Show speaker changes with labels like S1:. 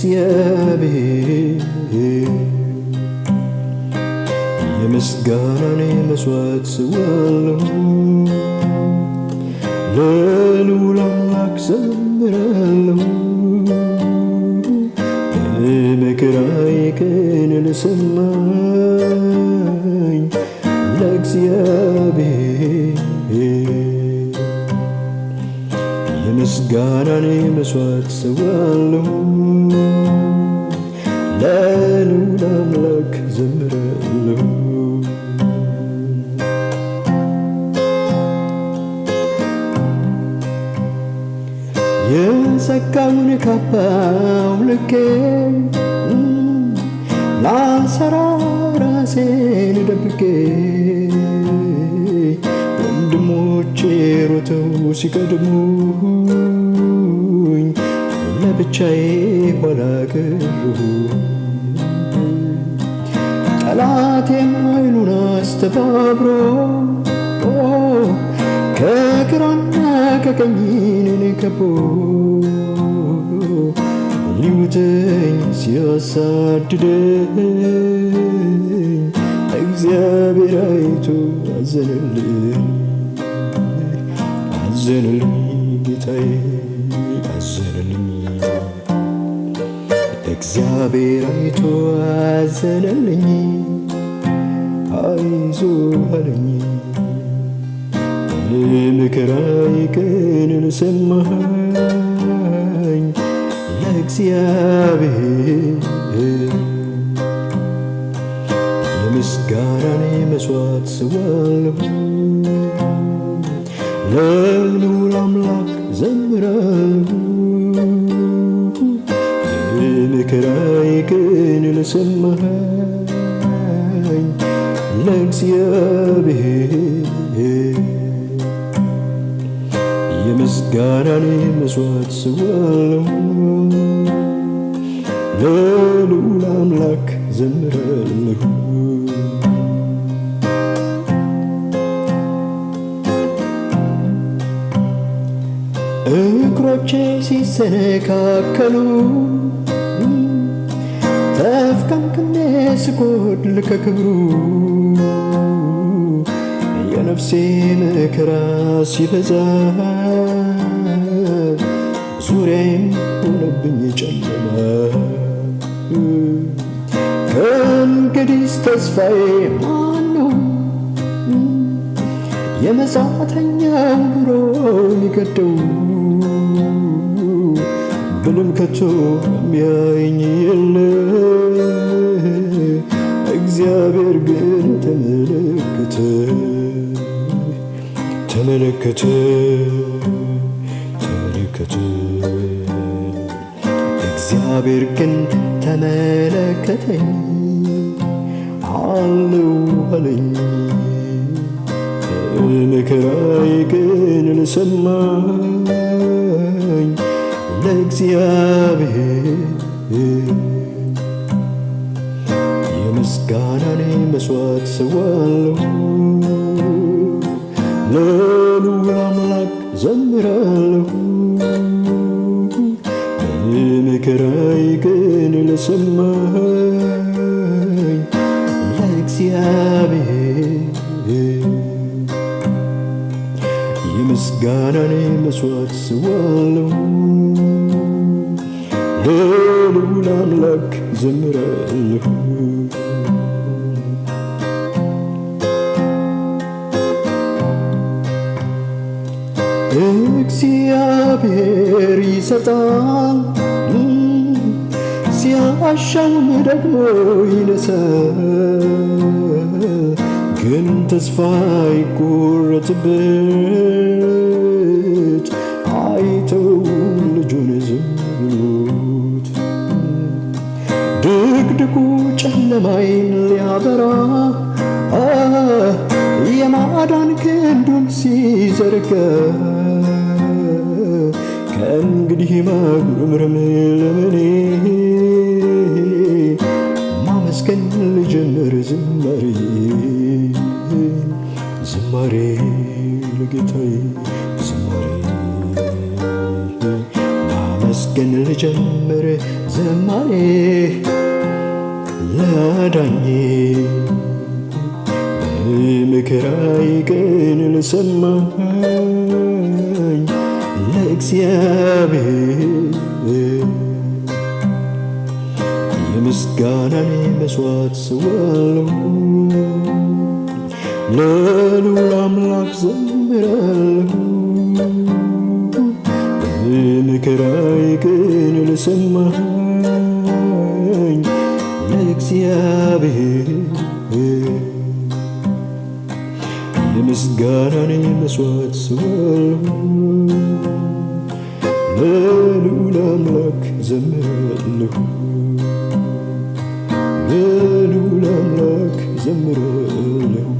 S1: እግዚአብሔር የምስጋናን መስዋዕት ስዋለሁ ለልዑል አምላክ ዘምራለሁ። በመከራዬ ቀን ለሰማኝ ለእግዚአብሔር ምስጋናን መስዋዕት ስዋለሁ ለልዑል አምላክ ዘምራለሁ። የጸጋውን ካባ አውልቄ ላሰራ ራሴን ደብቄ ከውጭ ሮተው ሲቀድሙኝ ለብቻዬ ኋላ ቀረሁ። ጠላቴም ኃይሉን አስተባብሮ ከግራና ከቀኝ እኔን ከቦ ሊውጠኝ ሲያሳድደኝ እግዚአብሔር አይቶ አዘነልኝ። አዘንልኝ ጌታዬ አዘንልኝ እግዚአብሔር አይቶ አዘነልኝ አይዞ አለኝ ለመከራዬ ቀንን ሰማኸኝ ለእግዚአብሔር ለምስጋናኔ መስዋዕት ስዋለሁ ለልዑል አምላክ ዘምረው ምክራይ ግን ለሰማኸኝ ለእግዚአብሔር የምስጋናን መስዋዕት ፍክሮቼ ሲሰነካከሉ ተፍቀምቅሜ ስጎድል ከክብሩ የነፍሴ መከራ ሲበዛ ዙሪያዬም ሆነብኝ ጨለማ እንግዲስ ተስፋዬ ማን ነው? የመጻተኛው ኑሮ የሚገደው ምንም ከቶ የሚያየኝ የለ እግዚአብሔር ግን ተመለከተ ተመለከተ ተመለከተ እግዚአብሔር ግን ተመለከተኝ አለው አለኝ መከራዬ ግን ልሰማኝ ለእግዚአብሔር የምስጋናን መሥዋዕት ሰዋለሁ፣ ለልዑል አምላክ ዘምራለሁ። በመከራዬ ቀን ለሰማኸኝ ለእግዚአብሔር የምስጋናን ሰዋለሁ ልዑል አምላክ ዘምራለሁ። እግዚአብሔር ይሰጣል ሲያሻውም ደግሞ ይነሳል። ግን ተስፋ ይቆረጥብን ሰማይን ሊያበራ የማዳን ክንዱን ሲዘርገ ከእንግዲህ መጉረምረም ለምኔ ማመስገን ልጀምር ዝማሬ ዝማሬ ለጌታዬ ዝማሬ ማመስገን ልጀምር ዝማሬ ረዳኝ በመከራዬ ቀን ለሰማኝ ለእግዚአብሔር የምስጋናን መሥዋዕት ስዋለው ለልዑል አምላክ ዘምራለሁ በመከራዬ ቀን ለሰማኝ እግዚአብሔር የምስጋናን መስዋዕት ስዋል ለልዑል አምላክ ዘምራለሁ፣ ለልዑል አምላክ ዘምራለሁ።